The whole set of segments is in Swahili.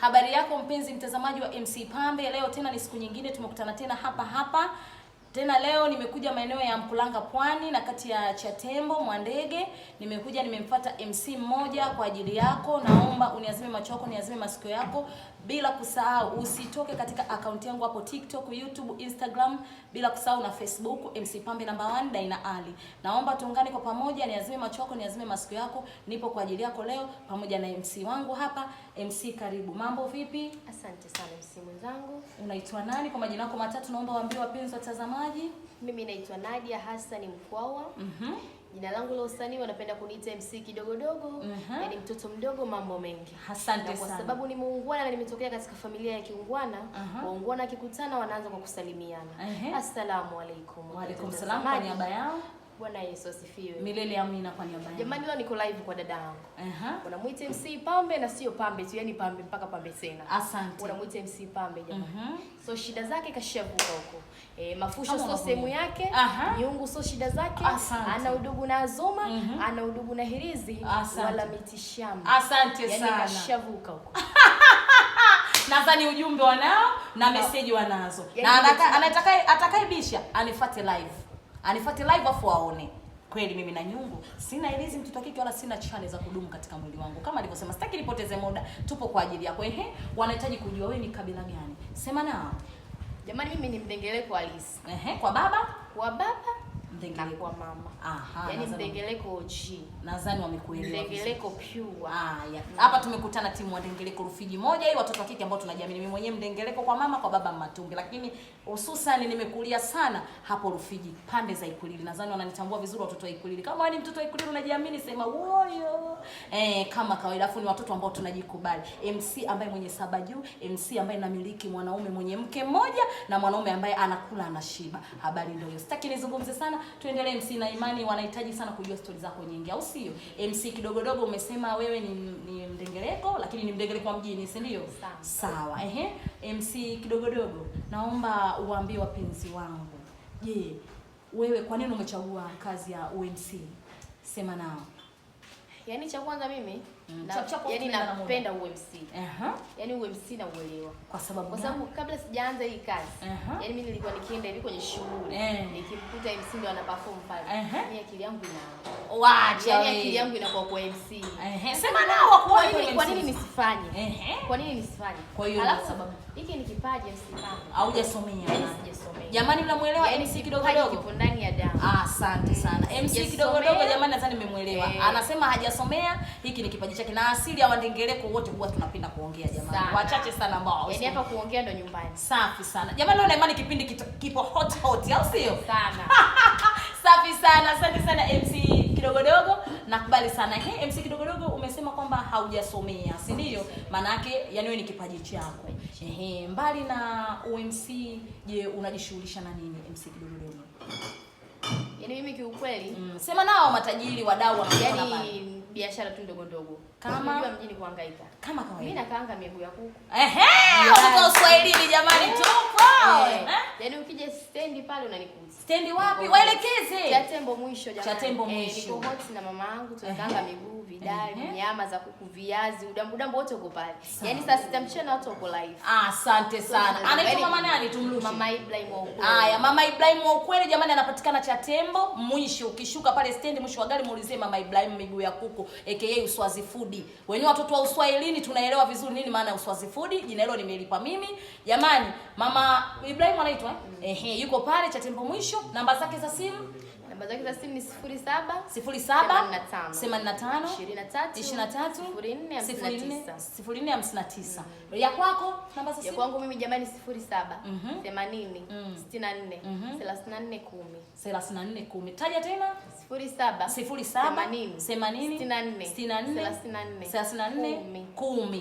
Habari yako mpenzi mtazamaji wa MC Pambe, leo tena ni siku nyingine tumekutana tena hapa hapa tena leo nimekuja maeneo ya Mkulanga Pwani na kati ya Chatembo Mwandege. Nimekuja nimemfuata MC mmoja kwa ajili yako, naomba uniazime macho yako, niazime masikio yako, bila kusahau usitoke katika akaunti yangu hapo TikTok, YouTube, Instagram, bila kusahau na Facebook MC Pambe number 1 Daina Ali. Naomba tuungane kwa pamoja, niazime macho yako, niazime masikio yako, nipo kwa ajili yako leo pamoja na MC wangu hapa. MC karibu, mambo vipi? Asante sana MC mwenzangu. Unaitwa nani kwa majina yako matatu? Naomba waambie wapenzi watazamaji. Mimi naitwa Nadia Hassan Mkwawa. Mhm. Mm Jina langu la usanii wanapenda kuniita MC kidogodogo. mm -hmm. Yani mtoto mdogo mambo mengi. Asante sana. Kwa sababu ni muungwana na nimetokea katika familia ya kiungwana. uh -huh. Waungwana wakikutana wanaanza kwa kusalimiana. uh -huh. Assalamu alaikum. Wa alaikum salamu kwa niaba yao Bwana Yesu asifiwe. Milele amina kwa niaba yako. Jamani leo niko live kwa dada yangu. Eh, Uh-huh. Unamuita MC Pambe na sio Pambe tu, yani Pambe mpaka Pambe tena. Asante. Unamuita MC Pambe jamani. Uh-huh. So shida zake kashavuka huko. Eh, mafusho sio sehemu yake, miungu uh-huh. Miungu sio shida zake. Asante. Ana udugu na Azoma, uh-huh. ana udugu na Hirizi Asante. wala mitishamba. Asante yani sana. Yani kashavuka huko. Nadhani ujumbe wanao na no. message wanazo. Yani na anataka atakaye bisha anifuate live anifuate live afu aone kweli mimi na nyungu sina elezi mtoto kike wala sina chale za kudumu katika mwili wangu. Kama alivyosema, sitaki nipoteze muda, tupo kwa ajili yako. Ehe, wanahitaji kujua wewe ni kabila gani, sema nao jamani. Mimi ni mdengeleko halisi. Ehe, kwa baba, kwa baba kwa mama. Aha, yani yaani mdengeleko oji. Nadhani wamekuelewa. Mdengeleko pure. Haya. Ah, Hapa tumekutana timu wa mdengeleko Rufiji moja hii watoto wa kike ambao tunajiamini. Mimi mwenyewe mdengeleko kwa mama kwa baba Matumbi, lakini hususan nimekulia sana hapo Rufiji pande za Ikulili. Nadhani wananitambua vizuri watoto wa Ikulili. Kama wewe ni mtoto wa Ikulili unajiamini sema woyo. Eh, kama kawaida afu ni watoto ambao tunajikubali. MC ambaye mwenye saba juu, MC ambaye namiliki mwanaume mwenye mke mmoja na mwanaume ambaye anakula anashiba. Habari ndio hiyo. Sitaki nizungumze sana tuendelee MC, na imani wanahitaji sana kujua stori zako nyingi, au sio MC? Kidogodogo umesema wewe ni, ni mdengereko, lakini ni mdengereko wa mjini, si ndio? Sawa, ehe. MC Kidogodogo, naomba uambie wapenzi wangu, je, wewe kwa nini umechagua kazi ya UMC? Sema nao. Yaani cha kwanza mimi mm. yaani napenda UMC. Uh-huh. Yaani UMC na uelewa. Kwa sababu kwa sababu kabla sijaanza hii kazi, uh yaani mimi nilikuwa nikienda hivi kwenye shughuli, uh eh. nikimkuta MC ndio ana perform pale. uh Yaani akili yangu ina waacha. yaani akili yangu inakuwa kwa MC. uh Sema nao kwa kwa nini kwa nini nisifanye? uh Kwa nini nisifanye? Kwa hiyo alafu sababu hiki ni kipaji MC kama. Au hujasomea? Yaani sijasomea. Jamani mnamuelewa MC yaani kidogo kidogo. Kipo ndani ya damu. Ah, Asante sana. MC yes, kidogo dogo jamani, nadhani nimemuelewa. Hey. Eh. Anasema hajasomea, hiki ni kipaji chake na asili ya wandengereko wote huwa tunapenda kuongea jamani. Wachache sana ambao Yaani hapa kuongea ndo nyumbani. Safi sana. Jamani leo naimani kipindi kipo hot hot, au sio? Sana. Safi sana. Asante sana MC kidogo dogo. Nakubali sana. He, MC kidogo dogo umesema kwamba haujasomea, si ndio? Maana yake yani wewe ni kipaji chako. Ehe, mbali na UMC, je, unajishughulisha na nini MC kidogo dogo? mimi kiukweli, mm. Sema nao matajiri wadau wa yani biashara tu ndogo ndogo, kama unajua mjini kuhangaika kama kawaida. Mimi nakaanga miguu ya kuku, ehe, kutoka ni jamani, tupo eh? Yaani ukija stendi pale unanikuta stendi wapi? Waelekeze cha tembo mwisho jamani, cha tembo eh, mwisho. Niko hot na mama yangu tunakaanga miguu, vidali, nyama za kuku, viazi, udambu dambu wote uko pale. Yaani saa sita mchana watu wako live. Ah, Asante sana. Anaitwa mama nani? Tumrudi mama Ibrahim wa ukweli. Haya, mama Ibrahim wa ukweli jamani, anapatikana cha tembo mwisho, ukishuka pale stendi mwisho wa gari muulizie mama Ibrahim miguu ya kuku aka Uswazi fudi Wenyewe watoto wa Uswahilini tunaelewa vizuri nini maana ya Uswazi fudi Jina hilo nimelipa mimi. Jamani, mama Ibrahim anaitwa eh, yuko pale Chatembo mwisho, namba zake za simu Namba zake za simu ni Ya kwako namba za simu? Ya kwangu mimi jamani 07 mhm. mm. mhm. Taja tena 07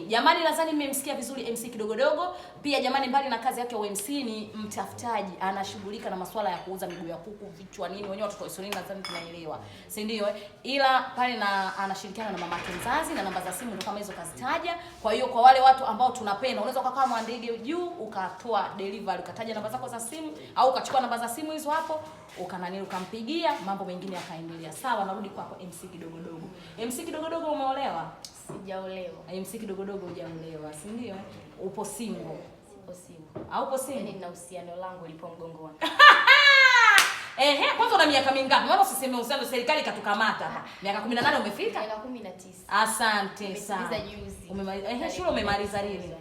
Jamani, nadhani mmemsikia vizuri MC Kidogodogo. Pia jamani, mbali na kazi yake ya ni mtafutaji, anashughulika na masuala ya kuuza miguu ya kuku, vichwa nini, wenyewe watoto kwa insulini nadhani tunaelewa, si ndio? Eh? Ila pale na anashirikiana na mamake mzazi na namba za simu ndio kama hizo kazitaja. Kwa hiyo kwa wale watu ambao tunapenda, unaweza kama Mwandege juu ukatoa delivery ukataja namba zako za simu au ukachukua namba za simu hizo hapo ukanani ukampigia, mambo mengine yakaendelea. Sawa, narudi kwako MC kidogo dogo. MC kidogo dogo, umeolewa? Sijaolewa. MC kidogo dogo, hujaolewa, si ndio? Upo single? Upo single au upo single? Yaani na uhusiano langu lipo mgongo wangu Ehe, kwanza una miaka mingapi? Maana usiseme useme serikali ikatukamata. Miaka 18 umefika? Miaka 19. Asante sana. Umemaliza ehe, shule umemaliza lini?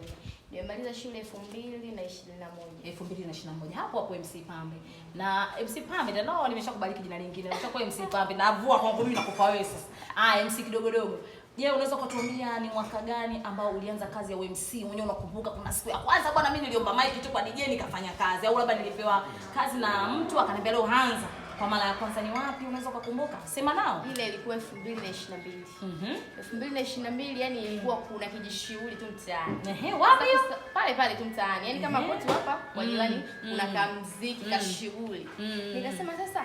Nimemaliza shule 2021. 2021. Hapo hapo MC Pambe. Na MC Pambe ndio nao nimeshakubariki jina lingine. Nimeshakuwa MC Pambe. Navua kwangu mimi nakupa wewe sasa. Ah, MC kidogo dogo. Je, unaweza kutuambia ni mwaka gani ambao ulianza kazi ya UMC? Mwenyewe unakumbuka kuna siku ya kwanza bwana, mimi niliomba mic tu kwa DJ nikafanya kazi, au labda nilipewa kazi na mtu akaniambia leo anza kwa mara ya kwanza ni wapi? Unaweza ukakumbuka, sema nao. Ile ilikuwa 2022. Mhm. 2022, yani ilikuwa kuna kijishughuli tu mtaani. Ehe, wapi hiyo? Pale pale tu mtaani. Yani kama kwetu hapa kwa mm. jirani kuna mm. kamziki mm. kashughuli. Nikasema sasa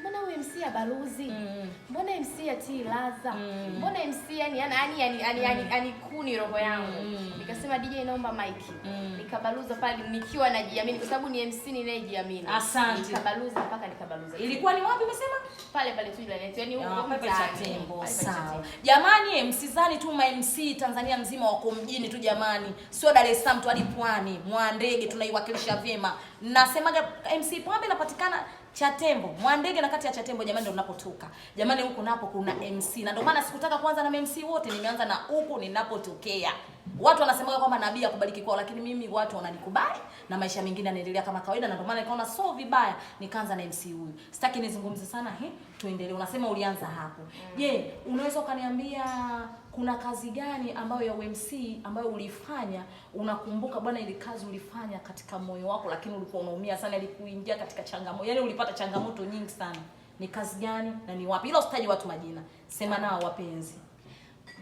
mbona huyu MC ya Balozi mm. mbona MC ya T Laza mm. mbona MC yani yani yani yani, yani, yani mm. kuni roho yangu mm. nikasema DJ naomba mic mm. nikabaluza pale nikiwa najiamini kwa sababu ni MC ninayejiamini. Asante. Nikabaluza mpaka nikabaluza. Ilikuwa ni wapi umesema? Pale pale tu ile yani huko ah, mtaani. Sawa. Jamani MC zani tu ma MC Tanzania mzima wako mjini tu jamani. Sio Dar es Salaam tu hadi Pwani, Mwandege tunaiwakilisha vyema. Nasemaga MC Pwambe napatikana Chatembo, Mwandege na kati ya Chatembo jamani ndo ninapotoka. Jamani huku napo kuna MC. Na ndio maana sikutaka kuanza na MC wote, nimeanza na huku ninapotokea. Watu wanasemaga kwamba nabii akubariki kwao, lakini mimi watu wananikubali na maisha mengine yanaendelea kama kawaida na ndio maana nikaona so vibaya nikaanza na MC huyu. Sitaki nizungumze sana, he, tuendelee. Unasema ulianza hapo. Je, yeah, unaweza ukaniambia kuna kazi gani ambayo ya UMC ambayo ulifanya unakumbuka, bwana, ile kazi ulifanya katika moyo wako, lakini ulikuwa unaumia sana, ilikuingia katika changamoto, yani ulipata changamoto nyingi sana, ni kazi gani na ni wapi? Ila usitaje watu majina, sema nao wapenzi.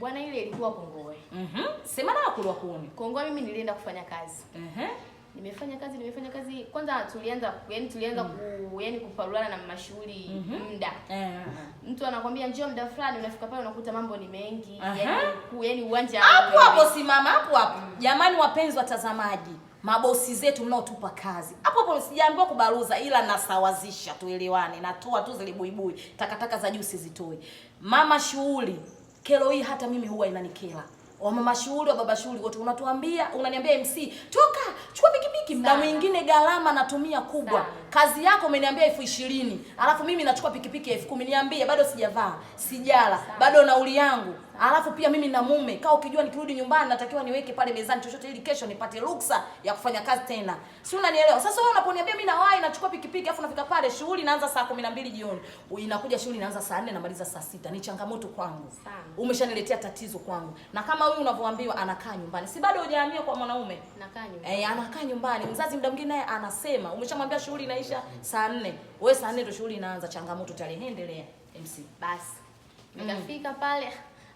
Bwana, ile ilikuwa Kongowe. Mhm, sema nao kulwa kuone Kongowe, mimi nilienda kufanya kazi. Mhm nimefanya kazi nimefanya kazi. Kwanza tulianza yani tulianza mm. ku yani kuparuana na mashughuli mm -hmm. muda yeah. Eh, eh. mtu anakwambia njoo muda fulani, unafika pale unakuta mambo ni mengi uh -huh. yani ku yani uwanja hapo hapo, simama hapo hapo mm. Jamani wapenzi watazamaji, mabosi zetu mnaotupa kazi hapo hapo, sijaambiwa kubaruza, ila nasawazisha, tuelewane, natoa tu zile buibui, takataka za juu sizitoi. Mama shughuli kero hii hata mimi huwa inanikela inanikera, wamama shughuli, baba shughuli, wote unatuambia, unaniambia MC toka chukua mda mwingine gharama natumia kubwa Sana. Kazi yako umeniambia elfu ishirini alafu mimi nachukua pikipiki elfu kumi niambie, bado sijavaa sijala, bado nauli yangu Alafu pia mimi na mume kaa, ukijua nikirudi nyumbani natakiwa niweke pale mezani chochote ili kesho nipate ruksa ya kufanya kazi tena, si unanielewa? Sasa wewe unaponiambia mimi nawahi, nachukua pikipiki afu nafika pale, shughuli inaanza saa kumi na mbili jioni, inakuja shughuli inaanza saa nne namaliza saa sita Ni changamoto kwangu, umeshaniletea tatizo kwangu. Na kama wewe unavyoambiwa anakaa nyumbani, si bado hujahamia kwa mwanaume, anakaa nyumbani eh, anakaa nyumbani. Mzazi mda mwingine naye anasema, umeshamwambia shughuli inaisha saa nne wewe saa nne ndio shughuli inaanza. Changamoto tayari, endelea MC. Basi mm. nikafika mm. pale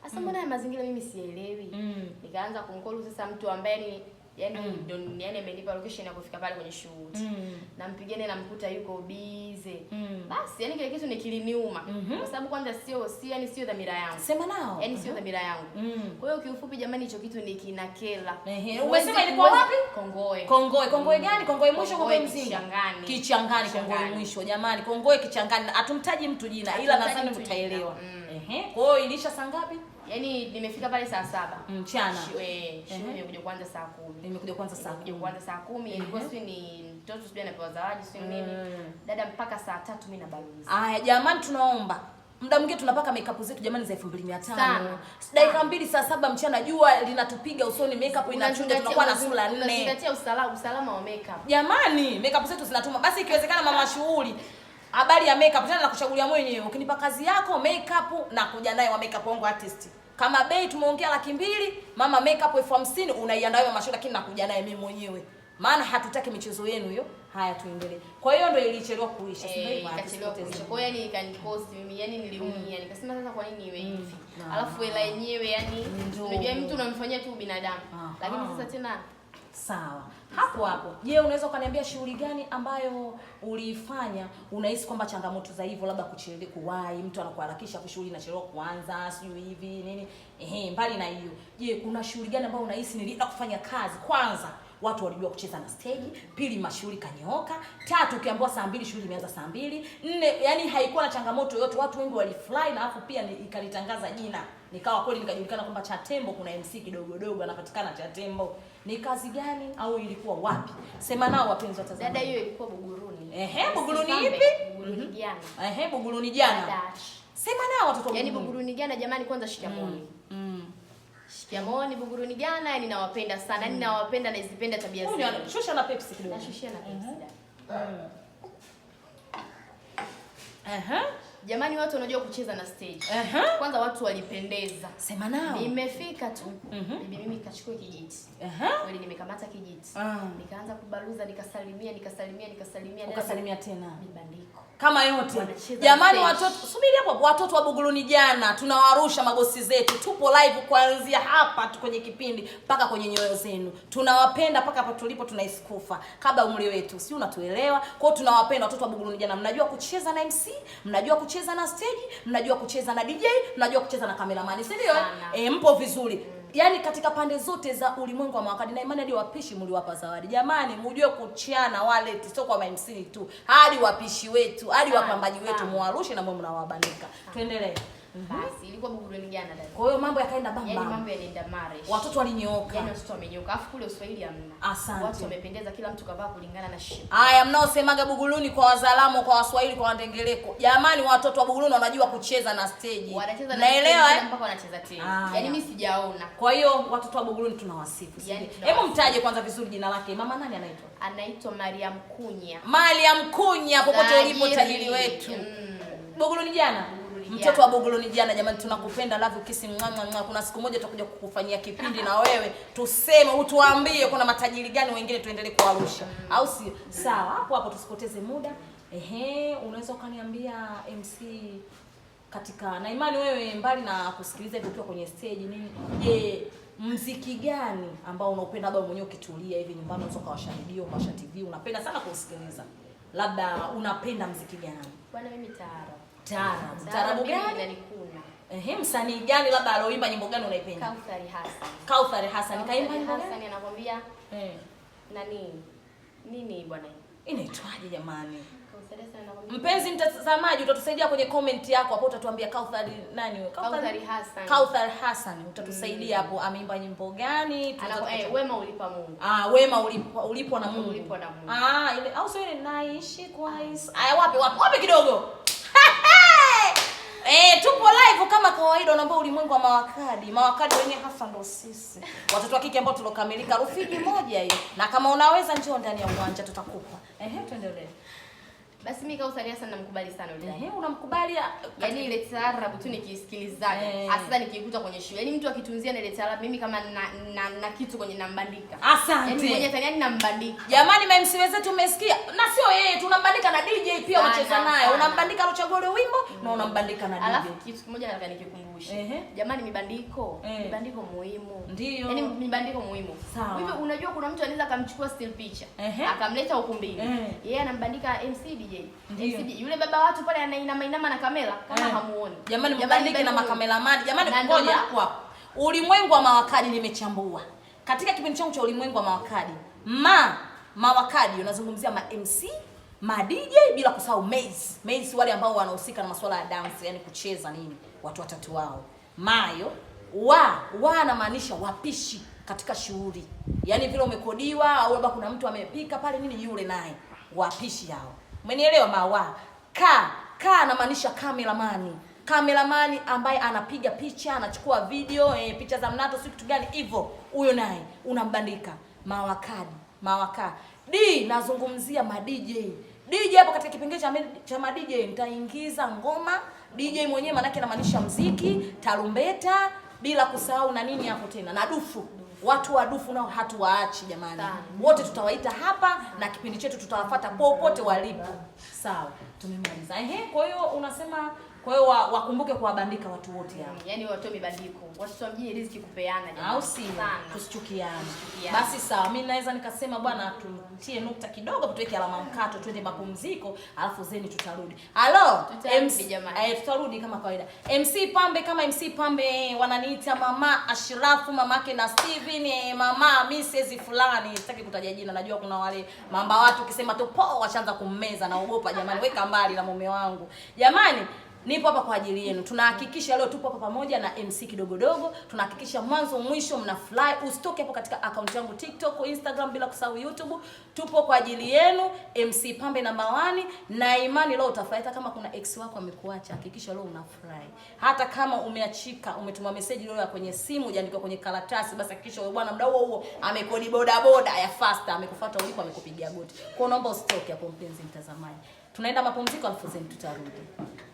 Asa mbona mm. mazingira mimi sielewi. Mm. Nikaanza kumkolu sasa mtu ambaye ni yani mm. don yani amenipa location ya kufika pale kwenye shoot. Mm. na namkuta yuko bize. Mm. Basi yani kile kitu nikiliniuma. Mm -hmm. Kwa sababu kwanza sio si yani sio dhamira yangu. Sema nao. Yani sio dhamira yangu. Mm. Kwa hiyo kiufupi jamani hicho kitu ni kinakela. Ehe. Umesema ilikuwa wapi? Kongoe. Kongoe. Kongoe mm. gani? Kongoe mwisho kongoe mzingi. Kichangani. Kichangani kongoe mwisho jamani. Kongoe kichangani. Hatumtaji mtu jina ila nadhani mtaelewa. Mm. Ehe. Kwa hiyo ilisha saa ngapi? Yaani nimefika pale saa saba mchana. Eh, imekuja kwanza saa kumi. Nimekuja kwanza saa kumi. Kwanza saa kumi ilikuwa sio ni mtoto sio anapewa zawadi sio nini. Dada mpaka saa tatu mimi na balozi. Aya jamani tunaomba. Muda mwingine tunapaka makeup zetu jamani za 2500. Dakika mbili saa saba mchana jua linatupiga usoni makeup inachuja tunakuwa na sura nne. Unazingatia usalama usalama wa makeup. Jamani makeup zetu zinatuma. Basi ikiwezekana mama shughuli habari ya makeup tena nakuchagulia mwenyewe. Ukinipa kazi yako makeup na kuja naye wa makeup wangu artist. Kama bei tumeongea laki mbili, mama makeup elfu hamsini unaiandaa wewe mashow, lakini nakuja naye mimi mwenyewe. Maana hatutaki michezo yenu hiyo. Haya, tuendelee. Kwa hiyo ndio ilichelewa kuisha, hey, si ndio? Ikachelewa kuisha. Kwa hiyo yani ikanikosi mimi, yani niliumia. Mm. Nikasema sasa kwa nini iwe mm. hivi? Mm. Alafu hela yenyewe yani unajua mtu unamfanyia tu binadamu. Ah. Lakini sasa ah. tena Sawa, hapo hapo. Je, unaweza ukaniambia shughuli gani ambayo uliifanya unahisi kwamba changamoto za hivyo, labda kuchelewa, kuwahi, mtu anakuharakisha kwa shughuli inachelewa kuanza, siyo hivi nini? Ehe, mbali na hiyo, je, kuna shughuli gani ambayo unahisi nilienda kufanya kazi, kwanza watu walijua kucheza na stage, pili mashughuli kanyooka, tatu ukiambiwa saa mbili shughuli imeanza saa mbili, nne yani haikuwa na changamoto yoyote, watu wengi walifurahi, na hapo pia ikalitangaza jina, nikawa kweli nikajulikana kwamba Chatembo kuna MC kidogo dogo anapatikana Chatembo ni kazi gani au ilikuwa wapi? Sema nao wapenzi watazamaji. Dada hiyo ilikuwa Buguruni. Ehe, Buguruni ipi? Buguruni mhm. jana. Ehe, Buguruni jana. Sema nao watoto wangu. Yaani Buguruni. Yaani Buguruni jana jamani, kwanza shikamoni. Mm. mm. Shikamoni Buguruni jana, yani nawapenda sana. Yaani mm. nawapenda nazipenda tabia zao. Shusha na Pepsi kidogo. Na shusha na Pepsi. Mhm. Mm. Ehe. Jamani, watu wanajua kucheza na stage. Uh -huh. Kwanza watu walipendeza. Sema nao. Nimefika tu. Uh mhm. -huh. Bibi mimi nikachukua kijiti. Uh -huh. Kweli nimekamata kijiti. Uh ah. -huh. Nikaanza kubaruza, nikasalimia, nikasalimia, nikasalimia. Ukasalimia tena. Nibandika kama yote jamani, watoto subiri hapo. Watoto wa Buguruni jana tunawarusha magosi zetu, tupo live kuanzia hapa tu kwenye kipindi mpaka kwenye nyoyo zenu. Tunawapenda mpaka hapa tulipo, tunaiskufa kabla umri wetu, si unatuelewa? Kwa hiyo tunawapenda watoto wa Buguruni jana. Mnajua kucheza na MC, mnajua kucheza na stage, mnajua kucheza na DJ, mnajua kucheza na cameraman, si ndio? Eh, mpo vizuri yani katika pande zote za ulimwengu wa mawakadi na imani, hadi wapishi mliwapa zawadi. Jamani, mjue kuchiana wale, sio kwa maimsini tu, hadi wapishi wetu, hadi ah, wapambaji wetu ah. muwarushe na mwe mnawabandika. Tuendelee. Mhm. Basi ilikuwa bubureni jana dada. Kwa hiyo mambo yakaenda bamba. Yaani mambo yanaenda mare. Watoto walinyooka. Yaani watoto wamenyooka. Afu kule Uswahili hamna. Asante. Watu wamependeza kila mtu kavaa kulingana na shepu. Haya mnaosemaga Buguruni kwa Wazalamo, kwa Waswahili, kwa Wandengereko. Jamani watoto wa Buguruni wanajua kucheza na stage. Wanacheza na Naelewa eh? Mpaka wanacheza tena. Yaani mimi sijaona. Kwa hiyo watoto wa Buguruni tunawasifu. Yaani hebu mtaje kwanza vizuri jina lake. Mama nani anaitwa? Anaitwa Mariam Kunya. Mariam Kunya popote ulipo tajiri wetu. Mm. Buguruni jana. Mm mtoto wa Bogoloni jana. Jamani, tunakupenda love you kiss mwa mwa. mwa. Kuna siku moja tutakuja kukufanyia kipindi na wewe tuseme, utuambie kuna matajiri gani wengine tuendelee kuwarusha, mm. au si sawa? Hapo hapo tusipoteze muda. Ehe, unaweza ukaniambia MC katika na imani, wewe mbali na kusikiliza hivi ukiwa kwenye stage nini, je, mziki gani ambao unaupenda, labda mwenyewe ukitulia hivi nyumbani, unaweza ukawasha redio, ukawasha TV, unapenda sana kusikiliza, labda unapenda mziki gani bwana? Mimi taarabu Tara. Mtaarabu gani? Ehe, msanii gani labda aloimba nyimbo gani unaipenda? Kauthar Hassan. Kauthar Hassan kaimba nyimbo gani? Hassan anakuambia eh, nani? Nini bwana? Inaitwaje jamani? Mpenzi mtazamaji, utatusaidia kwenye comment yako hapo, utatuambia Kauthar nani wewe? Kauthar Hassan. Kauthar Hassan utatusaidia mm. hapo mm. Ameimba nyimbo gani? Ana eh, wema ulipa Mungu. Ah, wema ulipo ulipo na Mungu. Ulipo na Mungu. Ah, ile au sio ile naishi kwa Yesu. Aya, wapi wapi? Wapi kidogo? Eh, tupo live kama kawaida, naomba ulimwengu wa mawakadi. Mawakadi wenyewe hasa ndo sisi watoto wa kike ambao tulokamilika, rufiji moja hiyo, na kama unaweza njoo ndani ya uwanja tutakupa. Ehe, tuendelee. Basi mimi kausalia sana namkubali sana yule. Ah, yaani eh, unamkubali ah, yaani ile taarabu tu nikisikiliza Hasa nikikuta kwenye shule. Yaani mtu akitunzia na ile taarabu mimi kama na, na, na kitu kwenye nambandika. Asante. Yaani mwenye tani nambandika. Jamani ma MC wenzetu umesikia? Na sio yeye tu nambandika na DJ pia unacheza naye. Mm. Unambandika na uchague wimbo na unambandika na DJ. Alafu kitu kimoja nataka nikikumbuka tuishe. Ehe. Jamani, mibandiko Ehe. mibandiko muhimu ndio, yaani mibandiko muhimu sawa. Hivyo unajua kuna mtu anaweza akamchukua still picha akamleta ukumbini, eh. yeye anambandika MC DJ MC yule baba watu pale anainama inama na kamera kama eh. hamuoni. Jamani, mbandike na makameramani. Jamani, ngoja hapo hapo. Ulimwengu wa mawakadi nimechambua katika kipindi changu cha ulimwengu wa mawakadi ma mawakadi unazungumzia ma MC ma DJ bila kusahau Maze. Maze wale ambao wanahusika na masuala ya dance, yani kucheza nini, watu watatu wao. Mayo wa wa anamaanisha wapishi katika shughuli, yaani vile umekodiwa au labda kuna mtu amepika pale nini, yule naye wapishi hao, umenielewa? Mawa ka ka anamaanisha kameramani kameramani ambaye anapiga picha anachukua video e, picha za mnato si kitu gani hivyo, huyo naye unambandika mawakadi mawaka. D nazungumzia ma DJ DJ hapo katika kipengele cha, cha ma DJ nitaingiza ngoma DJ mwenyewe, maanake anamaanisha mziki, tarumbeta, bila kusahau na nini hapo tena na dufu. Watu wa dufu nao hatuwaachi jamani, wote tutawaita hapa na kipindi chetu tutawafata popote walipo. Sawa, tumemaliza. Ehe, kwa hiyo unasema kwa hiyo wakumbuke kuwabandika watu wote hao. Yaani watoe mibandiko. mjini riziki kupeana jamani. Au si kusichukiana. Basi sawa, mimi naweza nikasema bwana tutie nukta kidogo tuweke alama mkato twende mapumziko alafu zeni tutarudi. Halo, MC jamani. Eh, tutarudi kama kawaida. MC Pambe kama MC Pambe eh, wananiita mama Ashrafu, mamake na Steven, eh, mama Mrs fulani. Sitaki kutaja jina, najua kuna wale mamba watu ukisema tu poa washaanza kummeza naogopa jamani, weka mbali na mume wangu. Jamani, nipo hapa kwa ajili yenu. Tunahakikisha leo tupo hapa pamoja na MC Kidogodogo, tunahakikisha mwanzo mwisho mna fly. Usitoke hapo katika akaunti yangu TikTok, Instagram, bila kusahau YouTube. Tupo kwa ajili yenu. MC Pambe na Mawani na Imani, leo utafaita kama kuna ex wako amekuacha, hakikisha leo una fly. Hata kama umeachika, umetuma message leo ya kwenye simu, hujaandika kwenye karatasi, basi hakikisha huyo bwana muda huo huo amekodi boda boda ya faster, amekufuata ulipo, amekupigia goti. Kwa hiyo naomba usitoke hapo mpenzi mtazamaji. Tunaenda mapumziko, alafu zeni tutarudi.